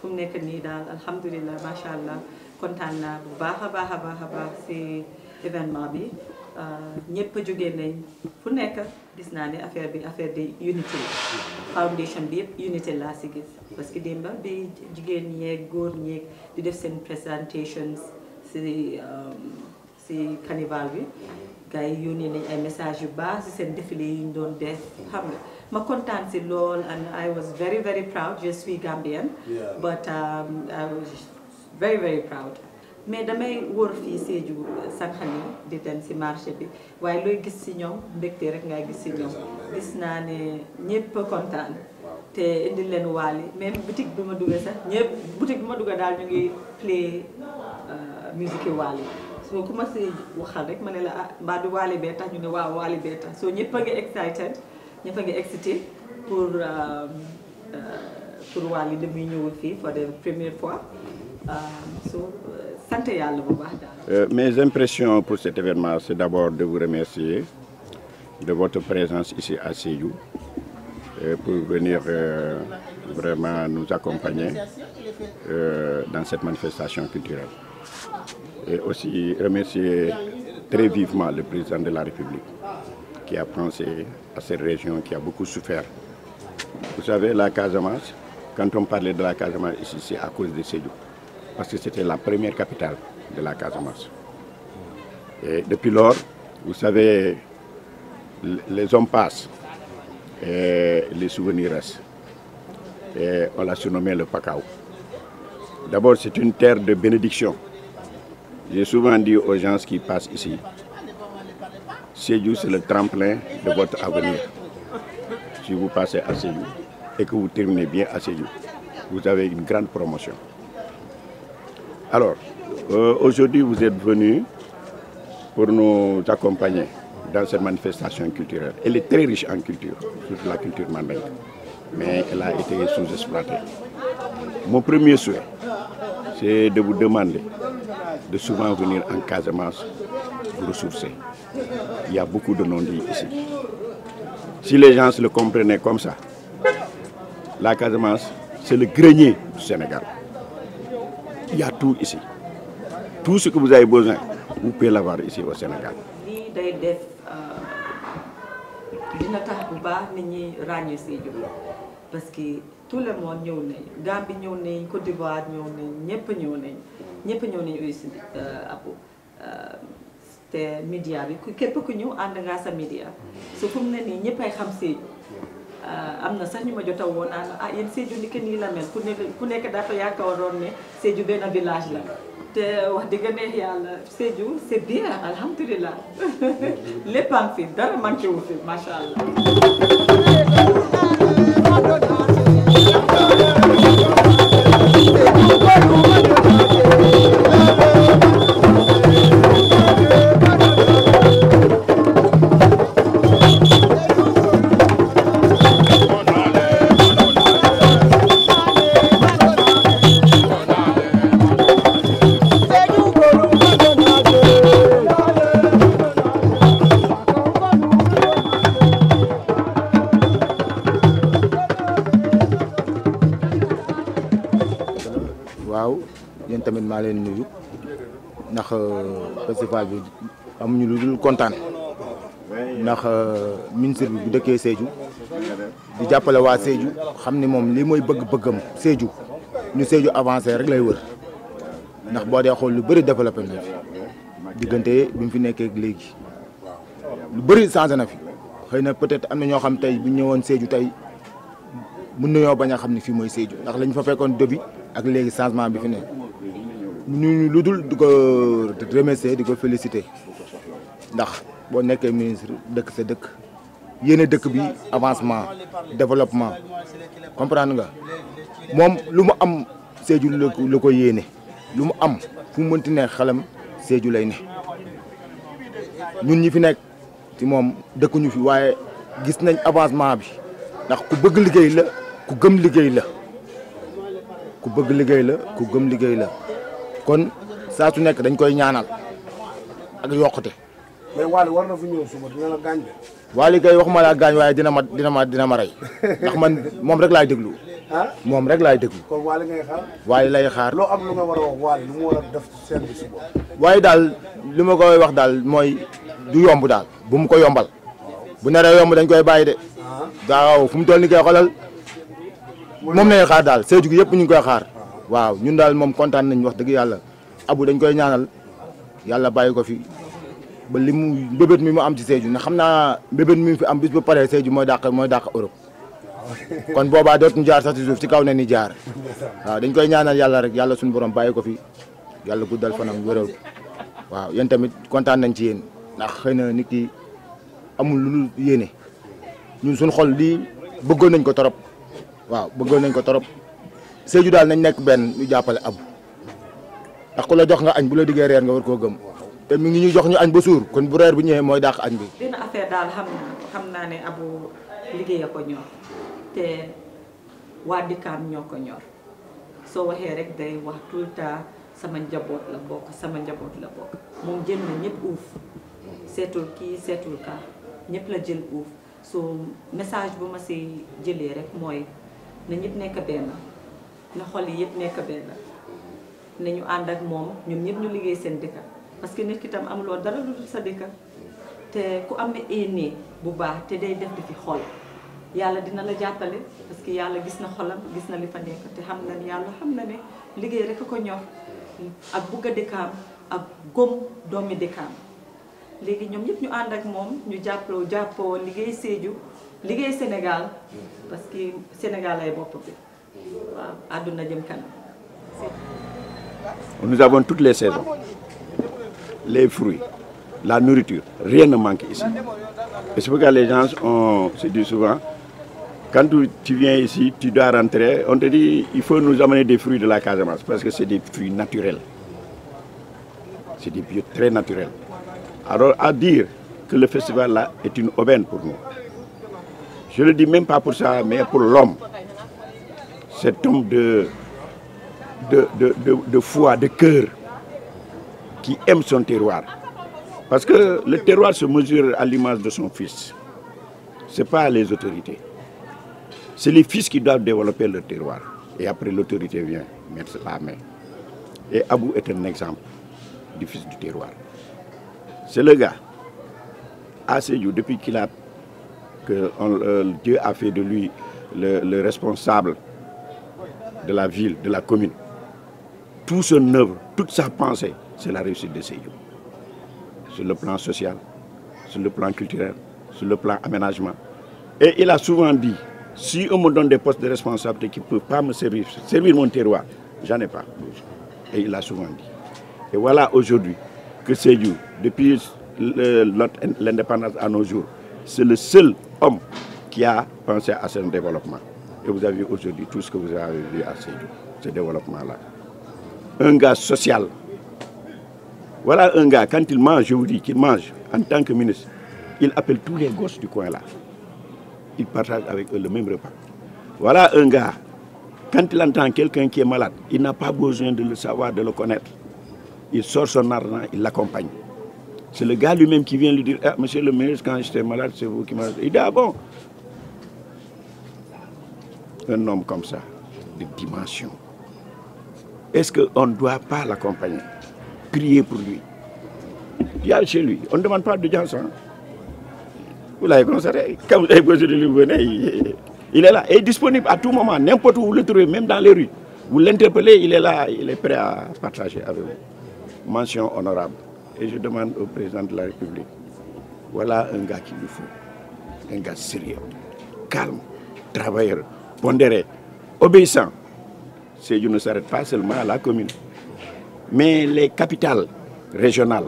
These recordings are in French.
fu mu nekk nii daal alhamdulilah macha allah kontaan naa bu baax a baax a baax a baax si événement bi euh, ñëpp a jógee nañ fu nekk gis naa ni affaire bi affaire de unité la foundation bi yëpp unité laa si gis parce que démba bi jigéen ñeeg góor ñeeg di def seen présentations si euh, si carnaval bi gars yónnee nañ ay messages yu baax si seen défilé yi doon def xam nga My kontaan si lool and I was very very proud Just we Gambian. but um, I was very very proud. mais damay wóor fi Sédhiou sànq ni di dem si marché bi waaye loy gis si ñoom mbégte rek ngay gis si ñoom gis naa ne ñëpp kontaan te indi leen waali même boutique bi ma duggee sax ñëpp boutique bi ma duggee ñu ngi play euh, musique waali So kuma ma si waxal rek ma ne la ah mbaa du waali bee tax ñu ne waaw waali bee tax soo ñëpp a excited pour euh, euh, première fois euh, mes impressions pour cet événement c'est d'abord de vous remercier de votre présence ici à Sédhiou pour venir vraiment nous accompagner dans cette manifestation culturelle. Et aussi remercier très vivement le président de la République qui a pensé à cette région qui a beaucoup souffert. Vous savez, la Casamance, quand on parlait de la Casamance ici, c'est à cause de Sédou. Parce que c'était la première capitale de la Casamance. Et depuis lors, vous savez, les hommes passent et les souvenirs restent. Et on l'a surnommé le Pacao. D'abord, c'est une terre de bénédiction. J'ai souvent dit aux gens qui passent ici, Sédhiou, c'est le tremplin de votre avenir. Si vous passez à Sédhiou et que vous terminez bien à Sédhiou, vous avez une grande promotion. Alors, euh, aujourd'hui, vous êtes venus pour nous accompagner dans cette manifestation culturelle. Elle est très riche en culture, toute la culture mandingue, mais elle a été sous-exploitée. Mon premier souhait, c'est de vous demander de souvent venir en Casamance vous ressourcer il y a beaucoup de non-dits ici. Si les gens se le comprenaient comme ça, la Casamance, c'est le grenier du Sénégal. Il y a tout ici. Tout ce que vous avez besoin, vous pouvez l'avoir ici au Sénégal. dina ñi parce que tout le monde ñëw nañ Gambie ñëw nañ Côte d'Ivoire ñëw nañ ñëpp ñëw nañ ñëpp ñëw ici. aussi euh, te média bi ku képp ku ñëw ànd ngaa sa média su fu mu ne nii ñëppay xam Sédhiou ah, am na sax ñu ma jot a woo ah yéen Sédhiou ni que nii la mel ku nekk ku nekk dafa yaakaaroon ne Sédhiou benn village la te wax dëgg neex yàlla Sédhiou c'est bien alhamdulilah lépp a ngi fi wu fi macha allah. tamit maa leen nuyu ndax euh, festival bi amuñu lu dul kontaan ndax euh, ministre bi bu dëkkee Sédhiou di jàppale waa Sédhiou xam ni moom lii mooy bëgg-bëggam Sédhiou ñu Sédhiou avancé rek lay wër ndax boo dee xool lu bëri développé na fi diggante bi mu fi nekkee léegi lu bëri changé na fi xëy na peut-être am na ñoo xam tey bu ñëwoon Sédhiou tey mun nañoo bañ a xam ni fii mooy Sédhiou ndax lañ fa fekkoon début ak léegi changement bi fi nekk. ñu lu dul di ko remercier di ko féliciter ndax boo nekkee ministre dëkk sa dëkk yéene dëkk bi avancement développement comprendre nga moom lu mu am Sédhiou lu la ko yéene lu mu am fu mënti ne xelam Sédhiou lay ne ñun ñi fi nekk ci moom dëkkuñu fi waaye gis nañ avancement bi ndax ku bëgg liggéey la ku gëm liggéey la ku bëgg liggéey la ku gëm liggéey la kon saa su nekk dañ koy ñaanal ak yokkute. mais war na fi ñëw suba dina la gaañ kay waxuma laa gaañ waaye dina ma dina ma dina ma ndax man moom rek laay déglu. ah moom rek laay déglu. kon Waly ngay xaar. Waly lay xaar. loo am lu nga war a lu mu war def ci waaye daal li ma koy wax daal mooy du yomb daal bu mu ko yombal. bu naree yomb dañ koy bàyyi de. Ah? daaw fu mu toll ni koy xolal moom lay xaar daal saytu gi yëpp ñu ngi koy xaar. Wow, ñun daal moom kontaan nañ wax dëgg yàlla abu dañ koy ñaanal yàlla bàyyi ko fi ba li mu mbébét mi mu am ci Sédhiou na xam naa mbébét mi fi am bis bu paree mooy dàq mooy dàq Europe kon boobaa dootuñu jaar sax ci suuf ci kaw ne ni jaar waaw dañ koy ñaanal yàlla rek yàlla suñu borom bàyyi ko fi yàlla guddal fanam wéral waaw yéen tamit kontaan nañ ci yéen ndax xëy na nit ki amul lu yéene ñun suñu xol lii bëggoon nañ ko torop waaw bëggoon nañ ko torop Sédhiou daal nañ nekk benn ñu jàppale abu ndax ku la jox nga añ bu la diggee reer nga war koo gëm te mu ngi ñu jox ñu añ ba suur kon bu reer bi ñëwee mooy dàq añ bi. benn xam naa ne abu liggéey a ko ñor ko ñor soo waxee rek day wax tout le temps sama njaboot la bokk sama njaboot la bokk moom jël na ñëpp uuf seetul kii seetul kaa ñëpp la jël uuf soo message bu ma si jëlee rek mooy na ñëpp nekk benn. na xol yi yëpp nekk benn ñu ànd ak moom ñoom ñëpp ñu liggéey seen dëkka parce que nit ki amuloo dara lu sa dëkka te ku am éene bu baax te day def di fi xol yàlla dina la jàppale parce que yàlla gis na xolam gis na li fa nekk te xam na yàlla xam na ne liggéey rek ko ñor ak bugg a dëkkaam ak gom doomi dëkkaam léegi ñoom ñëpp ñu ànd ak moom ñu jàppoo jàppoo liggéey Sédhiou liggéey Sénégal parce que Sénégal ay bopp bi nous avons toutes les saisons les fruits la nourriture rien ne manque ici et c'est pourquoi les gens se disent souvent quand tu viens ici tu dois rentrer on te dit il faut nous amener des fruits de la Casamance parce que c'est des fruits naturels c'est des fruits très naturels alors à dire que le festival là est une aubaine pour nous je ne le dis même pas pour ça mais pour l'homme cet homme de, de, foi, de cœur, qui aime son terroir. Parce que le terroir se mesure à l'image de son fils. Ce n'est pas les autorités. C'est les fils qui doivent développer le terroir. Et après, l'autorité vient mettre la main. Et Abou est un exemple du fils du terroir. C'est le gars, à depuis qu'il a, que euh, Dieu a fait de lui le responsable de la ville, de la commune. Tout son œuvre, toute sa pensée, c'est la réussite de Seyou. Sur le plan social, sur le plan culturel, sur le plan aménagement. Et il a souvent dit, si on me donne des postes de responsabilité qui ne peuvent pas me servir, servir mon terroir, j'en ai pas. Et il a souvent dit. Et voilà aujourd'hui que Seyou, depuis l'indépendance à nos jours, c'est le seul homme qui a pensé à son développement que vous avez aujourd'hui tout ce que vous avez vu à ce développement-là. Un gars social. Voilà un gars, quand il mange, je vous dis qu'il mange en tant que ministre, il appelle tous les gosses du coin-là. Il partage avec eux le même repas. Voilà un gars, quand il entend quelqu'un qui est malade, il n'a pas besoin de le savoir, de le connaître. Il sort son argent, il l'accompagne. C'est le gars lui-même qui vient lui dire ah, Monsieur le ministre, quand j'étais malade, c'est vous qui m'avez. Il dit Ah bon un homme comme ça, de dimension, est-ce qu'on ne doit pas l'accompagner crier pour lui. Il y chez lui. On ne demande pas de Hein? Vous l'avez constaté. Quand vous avez besoin de lui, venez. Il est là. Il est disponible à tout moment, n'importe où vous le trouvez, même dans les rues. Vous l'interpellez, il est là, il est prêt à partager avec vous. Mention honorable. Et je demande au président de la République, voilà un gars qu'il nous faut. Un gars sérieux, calme, travailleur pondéré, obéissant. je ne s'arrête pas seulement à la commune. Mais les capitales régionales,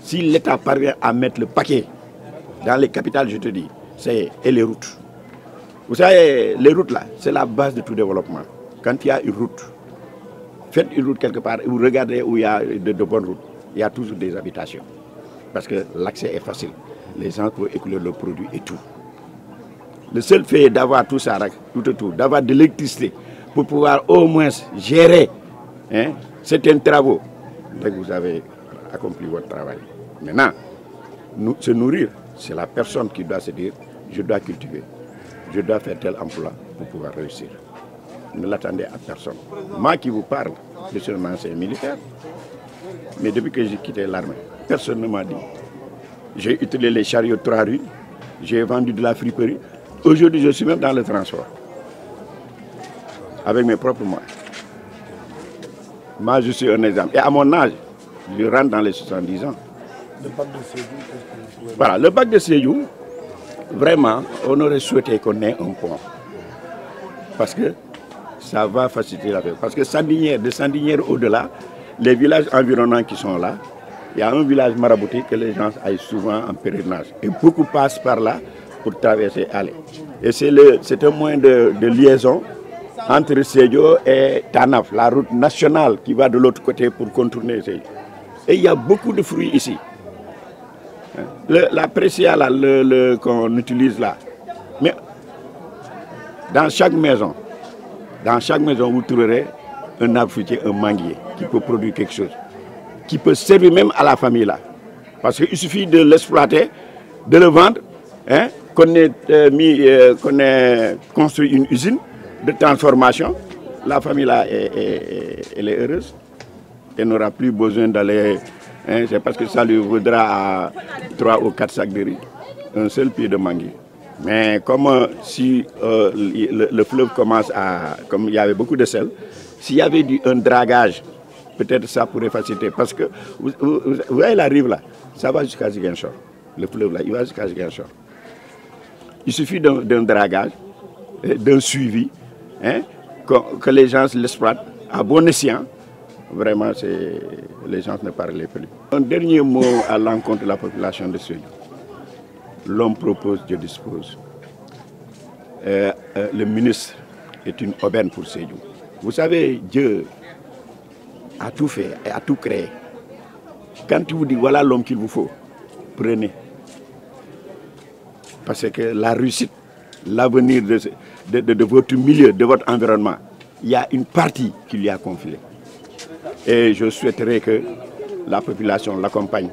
si l'État parvient à mettre le paquet dans les capitales, je te dis, c'est et les routes. Vous savez, les routes là, c'est la base de tout développement. Quand il y a une route, faites une route quelque part, et vous regardez où il y a de, bonnes routes, il y a toujours des habitations. Parce que l'accès est facile. Les gens peuvent écouler le produit et tout. Le seul fait d'avoir tout ça, tout autour, d'avoir de l'électricité pour pouvoir au moins gérer hein, certains travaux, vous avez accompli votre travail. Maintenant, se nourrir, c'est la personne qui doit se dire je dois cultiver, je dois faire tel emploi pour pouvoir réussir. Ne l'attendez à personne. Moi qui vous parle, je suis un ancien militaire, mais depuis que j'ai quitté l'armée, personne ne m'a dit. J'ai utilisé les chariots trois rues, j'ai vendu de la friperie, Aujourd'hui, je suis même dans le transport. Avec mes propres moyens. Moi, je suis un exemple. Et à mon âge, je rentre dans les 70 ans. Le bac de Voilà, le bac de vraiment, on aurait souhaité qu'on ait un pont. Parce que ça va faciliter la vie. Parce que Sandinière, de Sandinière au-delà, les villages environnants qui sont là, il y a un village marabouté que les gens aillent souvent en pèlerinage. Et beaucoup passent par là pour traverser aller. Et c'est le un moyen de, liaison entre Sejo et Tanaf, la route nationale qui va de l'autre côté pour contourner Sejo. Et il y a beaucoup de fruits ici. la pression qu'on utilise là, mais dans chaque maison, dans chaque maison, vous trouverez un arbre un manguier qui peut produire quelque chose, qui peut servir même à la famille là. Parce qu'il suffit de l'exploiter, de le vendre, hein, euh, euh, qu'on ait, construit une usine de transformation. La famille là, est, heureuse. Elle n'aura plus besoin d'aller. Hein, c'est parce que ça lui vaudra trois 3 ou quatre sacs de riz, un seul pied de mangue. Mais comme euh, si le, fleuve commence à. Comme il y avait beaucoup de sel, s'il y avait un dragage, peut-être ça pourrait faciliter. Parce que vous, voyez la rive là, ça va jusqu'à Ziguinchor. Le fleuve là, il va jusqu'à Ziguinchor. Il suffit d'un dragage, eh, d'un suivi, hein, que, les gens l'exploitent à bon escient. Vraiment, les gens ne parlent plus. Un dernier mot à l'encontre de la population de sud L'homme propose, Dieu dispose. Euh, euh, le ministre est une aubaine pour Seydou. Vous savez, Dieu a tout fait et a tout créé. Quand il vous dit voilà l'homme qu'il vous faut, prenez. Parce que la réussite, l'avenir de, votre milieu, de votre environnement, il y a une partie qui lui a confié. Et je souhaiterais que la population l'accompagne.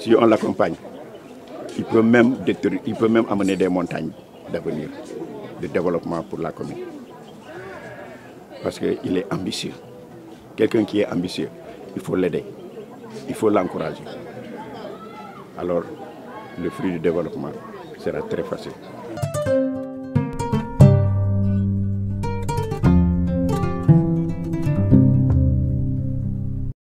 Si on l'accompagne, il peut même il peut même amener des montagnes d'avenir, de développement pour la commune. Parce qu'il est ambitieux. Quelqu'un qui est ambitieux, il faut l'aider, il faut l'encourager. Alors, le fruit du développement, será tres fácil.